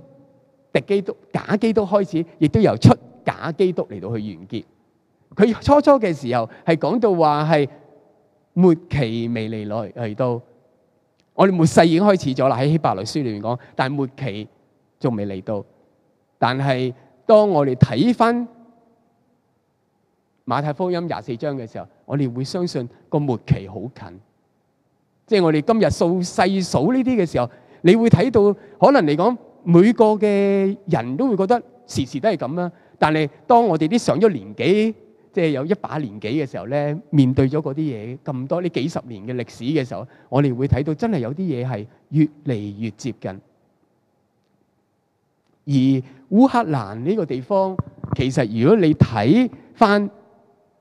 敵基督、假基督開始，亦都由出假基督嚟到去完結。佢初初嘅時候係講到話係末期未嚟來嚟到。我哋末世已經開始咗喇，喺《希伯來書》裏面講，但係末期仲未嚟到。但係當我哋睇返《馬太福音》廿四章嘅時候，我哋會相信個末期好近。即係我哋今天數細數呢啲嘅時候，你會睇到可能嚟講每個嘅人都會覺得時時都係咁，但係當我哋啲上咗年紀，即係有一把年紀嘅時候咧，面對咗嗰啲嘢咁多呢幾十年嘅歷史嘅時候，我哋會睇到真係有啲嘢係越嚟越接近。而烏克蘭呢個地方，其實如果你睇翻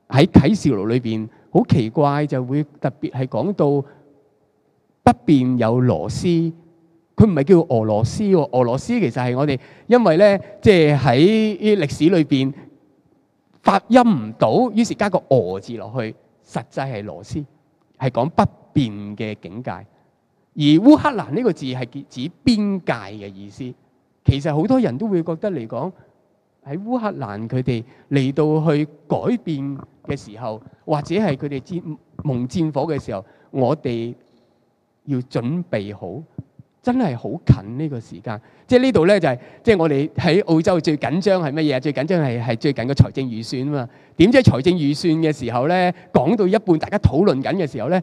喺啟示錄裏邊，好奇怪就會特別係講到北邊有羅斯，佢唔係叫俄羅斯喎，俄羅斯其實係我哋因為咧，即係喺歷史裏邊。發音唔到，於是加個俄字落去，實際係羅斯，係講不變嘅境界。而烏克蘭呢個字係結指邊界嘅意思。其實好多人都會覺得嚟講喺烏克蘭佢哋嚟到去改變嘅時候，或者係佢哋戰蒙戰火嘅時候，我哋要準備好。真係好近呢個時間，即係呢度咧就係，即係我哋喺澳洲最緊張係乜嘢？最緊張係係最近嘅財政預算啊嘛。點知財政預算嘅時候咧，講到一半，大家討論緊嘅時候咧，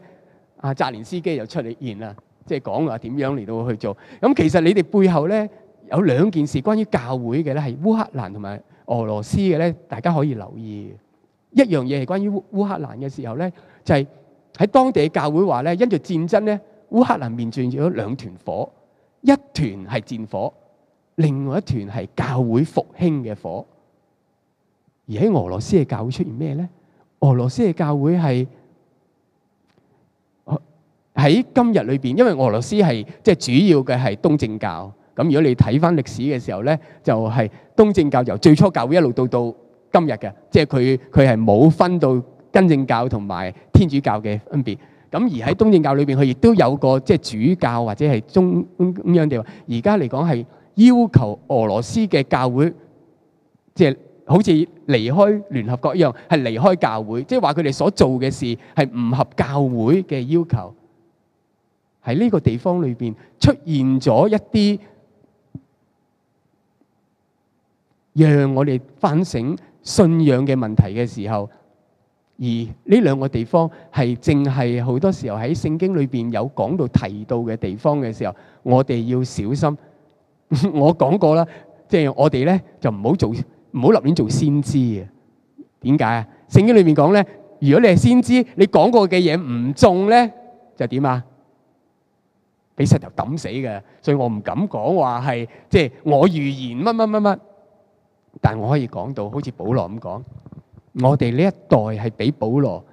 阿澤連斯基就出嚟現啦，即係講話點樣嚟到去做。咁其實你哋背後咧有兩件事關於教會嘅咧，係烏克蘭同埋俄羅斯嘅咧，大家可以留意。一樣嘢係關於烏烏克蘭嘅時候咧，就係喺當地教會話咧，因住戰爭咧。烏克蘭面轉咗兩團火，一團係戰火，另外一團係教會復興嘅火。而喺俄羅斯嘅教會出現咩咧？俄羅斯嘅教會係喺今日裏邊，因為俄羅斯係即係主要嘅係東正教。咁如果你睇返歷史嘅時候咧，就係東正教由最初教會一路到到今日嘅，即係佢佢係冇分到跟正教同埋天主教嘅分別。咁而喺東正教裏邊，佢亦都有個即係主教或者係中咁樣嘅話。而家嚟講係要求俄羅斯嘅教會，即係好似離開聯合國一樣，係離開教會，即係話佢哋所做嘅事係唔合教會嘅要求。喺呢個地方裏邊出現咗一啲讓我哋反省信仰嘅問題嘅時候。而呢兩個地方係正係好多時候喺聖經裏邊有講到提到嘅地方嘅時候，我哋要小心。我講過啦，即係我哋咧就唔好做唔好立亂做先知啊？點解啊？聖經裏邊講咧，如果你係先知，你講過嘅嘢唔中咧，就點啊？俾石頭揼死嘅。所以我唔敢講話係即係我預言乜乜乜乜。但我可以講到好似保羅咁講。我哋呢一代係比保羅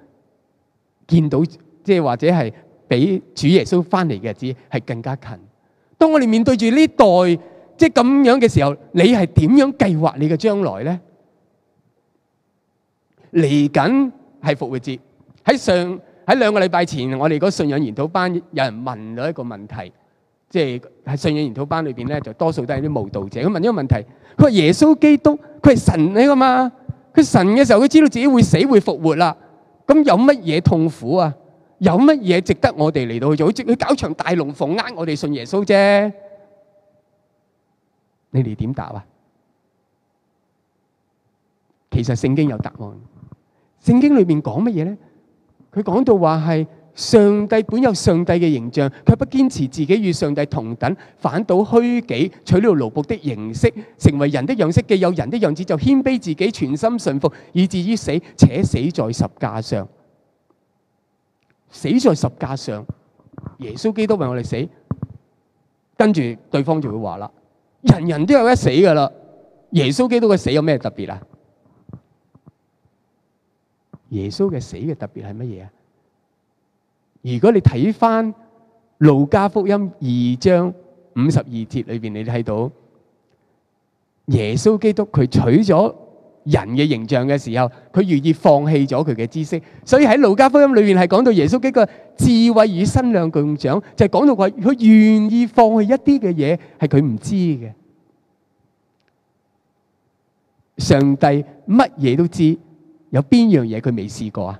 見到，即係或者係比主耶穌翻嚟嘅日子係更加近。當我哋面對住呢代即係咁樣嘅時候，你係點樣計劃你嘅將來咧？嚟緊係復活節，喺上喺兩個禮拜前，我哋嗰信仰研討班有人問咗一個問題，即係喺信仰研討班裏邊咧，就多數都係啲慕道者。佢問咗個問題，佢話耶穌基督佢係神嚟噶嘛？佢神嘅時候，佢知道自己會死會復活啦。咁有乜嘢痛苦啊？有乜嘢值得我哋嚟到去做？即係佢搞場大龍鳳，呃我哋信耶穌啫。你哋點答啊？其實聖經有答案。聖經裏面講乜嘢咧？佢講到話係。上帝本有上帝嘅形象，卻不堅持自己與上帝同等，反倒虛己，取了奴僕的形式，成為人的樣式，既有人的樣子，就謙卑自己，全心信服，以至於死，且死在十架上。死在十架上。耶穌基督為我哋死，跟住對方就會話啦：人人都有一死噶啦。耶穌基督嘅死有咩特別啊？耶穌嘅死嘅特別係乜嘢啊？如果你睇返路加福音二章五十二節裏邊，你睇到耶穌基督佢取咗人嘅形象嘅時候，佢願意放棄咗佢嘅知識。所以喺路加福音裏邊係講到耶穌基督智慧與身量共長，就係講到話佢願意放棄一啲嘅嘢係佢唔知嘅。上帝乜嘢都知，有邊樣嘢佢未試過啊？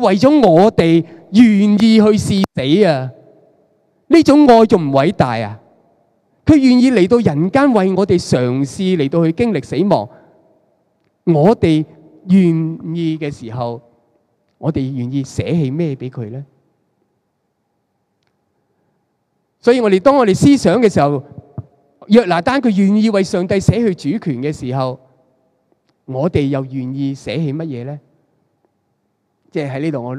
為咗我哋願意去試死啊！呢種愛仲唔偉大啊？佢願意嚟到人間為我哋嘗試嚟到去經歷死亡，我哋願意嘅時候，我哋願意捨棄咩俾佢咧？所以我哋當我哋思想嘅時候，約拿單佢願意為上帝捨去主權嘅時候，我哋又願意捨棄乜嘢咧？即係喺呢度，我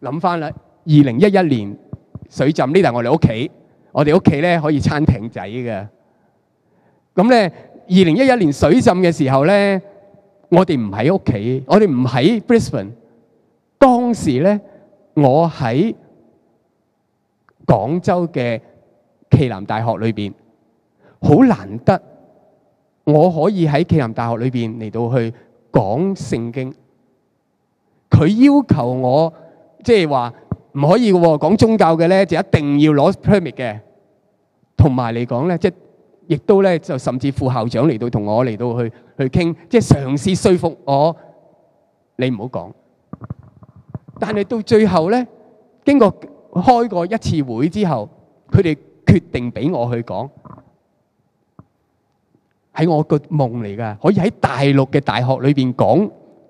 諗翻啦。二零一一年水浸呢度，係我哋屋企。我哋屋企咧可以撐艇仔嘅。咁咧，二零一一年水浸嘅時候咧，我哋唔喺屋企，我哋唔喺 Brisbane。當時咧，我喺廣州嘅暨南大學裏邊，好難得我可以喺暨南大學裏邊嚟到去講聖經。佢要求我即係話唔可以嘅，講宗教嘅咧就一定要攞 permit 嘅，同埋嚟講咧，即係亦都咧就甚至副校長嚟到同我嚟到去去傾，即係嘗試說服我。你唔好講，但係到最後咧，經過開過一次會之後，佢哋決定俾我去講。係我個夢嚟㗎，可以喺大陸嘅大學裏邊講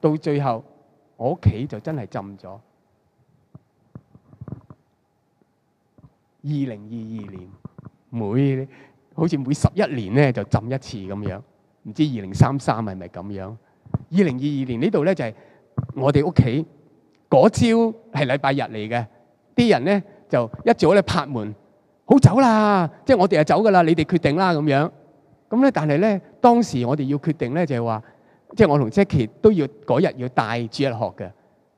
到最後，我屋企就真係浸咗。二零二二年每好似每十一年咧就浸一次咁樣，唔知二零三三係咪咁樣？二零二二年呢度咧就係我哋屋企嗰朝係禮拜日嚟嘅，啲人咧就一早咧拍門，好走啦，即係我哋就走㗎啦，你哋決定啦咁樣。咁咧，但係咧當時我哋要決定咧就係話。即係我同 Jackie 都要嗰日要帶住一學嘅帶主日學，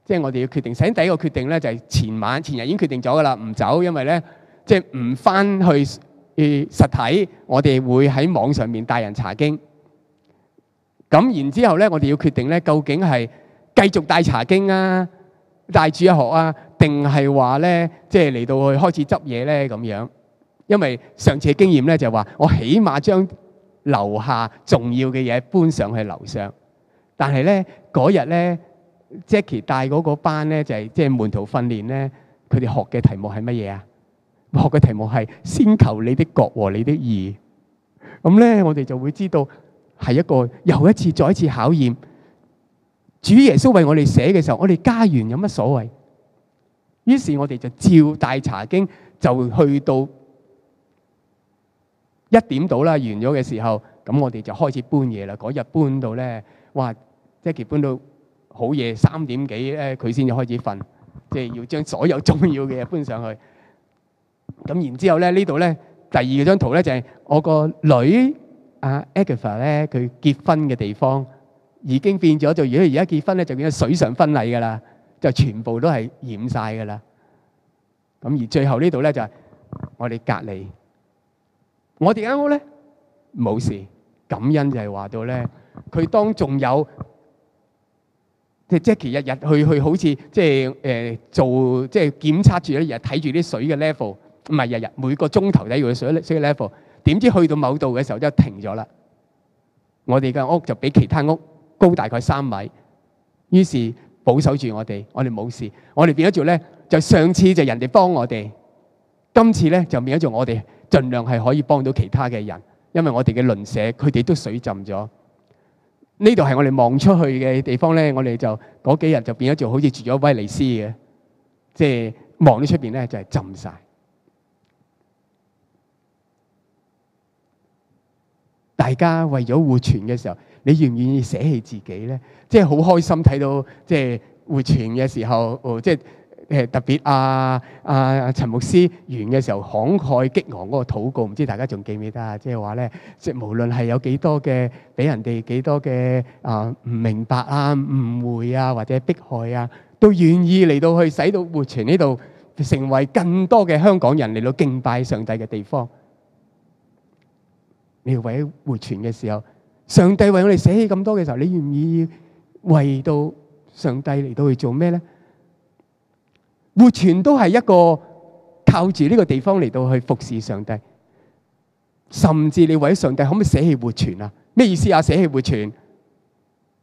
即係我哋要決定。首先第一個決定咧就係前晚前日已經決定咗㗎啦，唔走，因為咧即係唔翻去誒實體，我哋會喺網上面帶人查經。咁然之後咧，我哋要決定咧，究竟係繼續帶查經啊、帶住一學啊、帶主日學，定係話咧即係嚟到去開始執嘢咧咁樣？因為上次嘅經驗咧就係話，我起碼將樓下重要嘅嘢搬上去樓上。但係咧嗰日咧，Jackie 帶嗰個班咧，就係即係門徒訓練咧。佢哋學嘅題目係乜嘢啊？學嘅題目係先求你的國和你的義。咁咧，我哋就會知道係一個又一次再一次考驗。主耶穌為我哋寫嘅時候，我哋加完有乜所謂？於是，我哋就照大查經就去到一點度啦。完咗嘅時候，咁我哋就開始搬嘢啦。嗰日搬到咧，哇！即係搬到好夜三點幾咧，佢先至開始瞓。即係要將所有重要嘅嘢搬上去。咁然之後咧，呢度咧，第二嗰張圖咧就係我個女阿 Agatha 咧，佢結婚嘅地方已經變咗做。如果而家結婚咧，就變咗水上婚禮㗎啦，就全部都係染曬㗎啦。咁而最後呢度咧就係我哋隔離，我哋間屋咧冇事。感恩就係話到咧，佢當仲有。即 Jacky 日日去去好似、呃、即係誒做即係檢測住咧，日日睇住啲水嘅 level，唔係日日每個鐘頭睇佢水水嘅 level。點知去到某度嘅時候就停咗啦。我哋嘅屋就比其他屋高大概三米，於是保守住我哋，我哋冇事。我哋變咗做咧，就上次就人哋幫我哋，今次咧就變咗做我哋，盡量係可以幫到其他嘅人，因為我哋嘅鄰舍佢哋都水浸咗。呢度係我哋望出去嘅地方咧，我哋就嗰幾日就變咗就好似住咗威尼斯嘅，即係望到出邊咧就係浸晒。大家為咗互傳嘅時候，你願唔願意捨棄自己咧？即係好開心睇到即係互傳嘅時候，哦、即係。誒，特別啊啊！陳牧師完嘅時候慷慨激昂嗰個禱告，唔知大家仲記唔記得啊？即係話咧，即係無論係有幾多嘅俾人哋幾多嘅啊，唔明白啊，誤會啊，或者迫害啊，都願意嚟到去使到活泉呢度，成為更多嘅香港人嚟到敬拜上帝嘅地方。你要為咗活泉嘅時候，上帝為我哋寫起咁多嘅時候，你願意為到上帝嚟到去做咩咧？活泉都係一個靠住呢個地方嚟到去服侍上帝，甚至你為咗上帝可唔可以捨棄活泉啊？咩意思啊？捨棄活泉？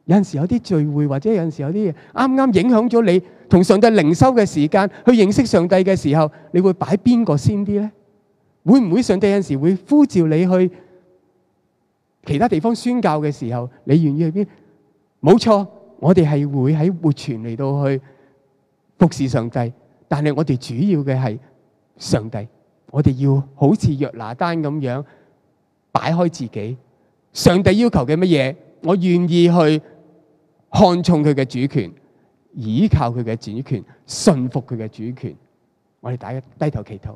有陣時有啲聚會或者有陣時有啲嘢啱啱影響咗你同上帝靈修嘅時間，去認識上帝嘅時候，你會擺邊個先啲咧？會唔會上帝有陣時會呼召你去其他地方宣教嘅時候，你願意去邊？冇錯，我哋係會喺活泉嚟到去。服侍上帝，但係我哋主要嘅係上帝，我哋要好似約拿單咁樣擺開自己。上帝要求嘅乜嘢，我願意去看重佢嘅主權，倚靠佢嘅主權，信服佢嘅主權。我哋大家低頭祈禱。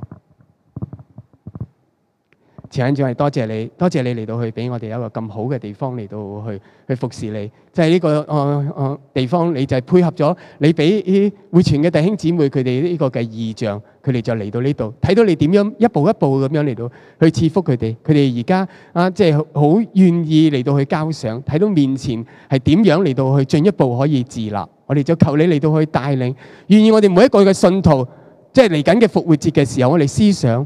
前緊仲係多謝你，多謝你嚟到去，俾我哋一個咁好嘅地方嚟到去去服侍你，即係呢個哦哦地方，你就係配合咗你俾啲會傳嘅弟兄姊妹佢哋呢個嘅意象，佢哋就嚟到呢度睇到你點樣一步一步咁樣嚟到去賜福佢哋，佢哋而家啊即係好願意嚟到去交上，睇到面前係點樣嚟到去進一步可以自立，我哋就求你嚟到去帶領，願意我哋每一個嘅信徒，即係嚟緊嘅復活節嘅時候，我哋思想。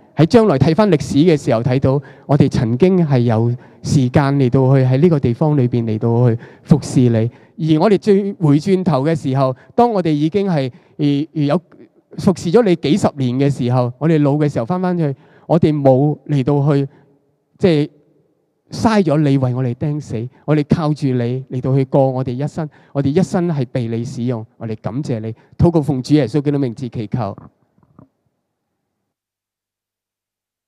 喺將來睇翻歷史嘅時候，睇到我哋曾經係有時間嚟到去喺呢個地方裏邊嚟到去服侍你，而我哋最回轉頭嘅時候，當我哋已經係而而有服侍咗你幾十年嘅時候，我哋老嘅時候翻翻去，去，我哋冇嚟到去即係嘥咗你為我哋釘死，我哋靠住你嚟到去過我哋一生，我哋一生係被你使用，我哋感謝你，禱告奉主耶穌基督名字祈求。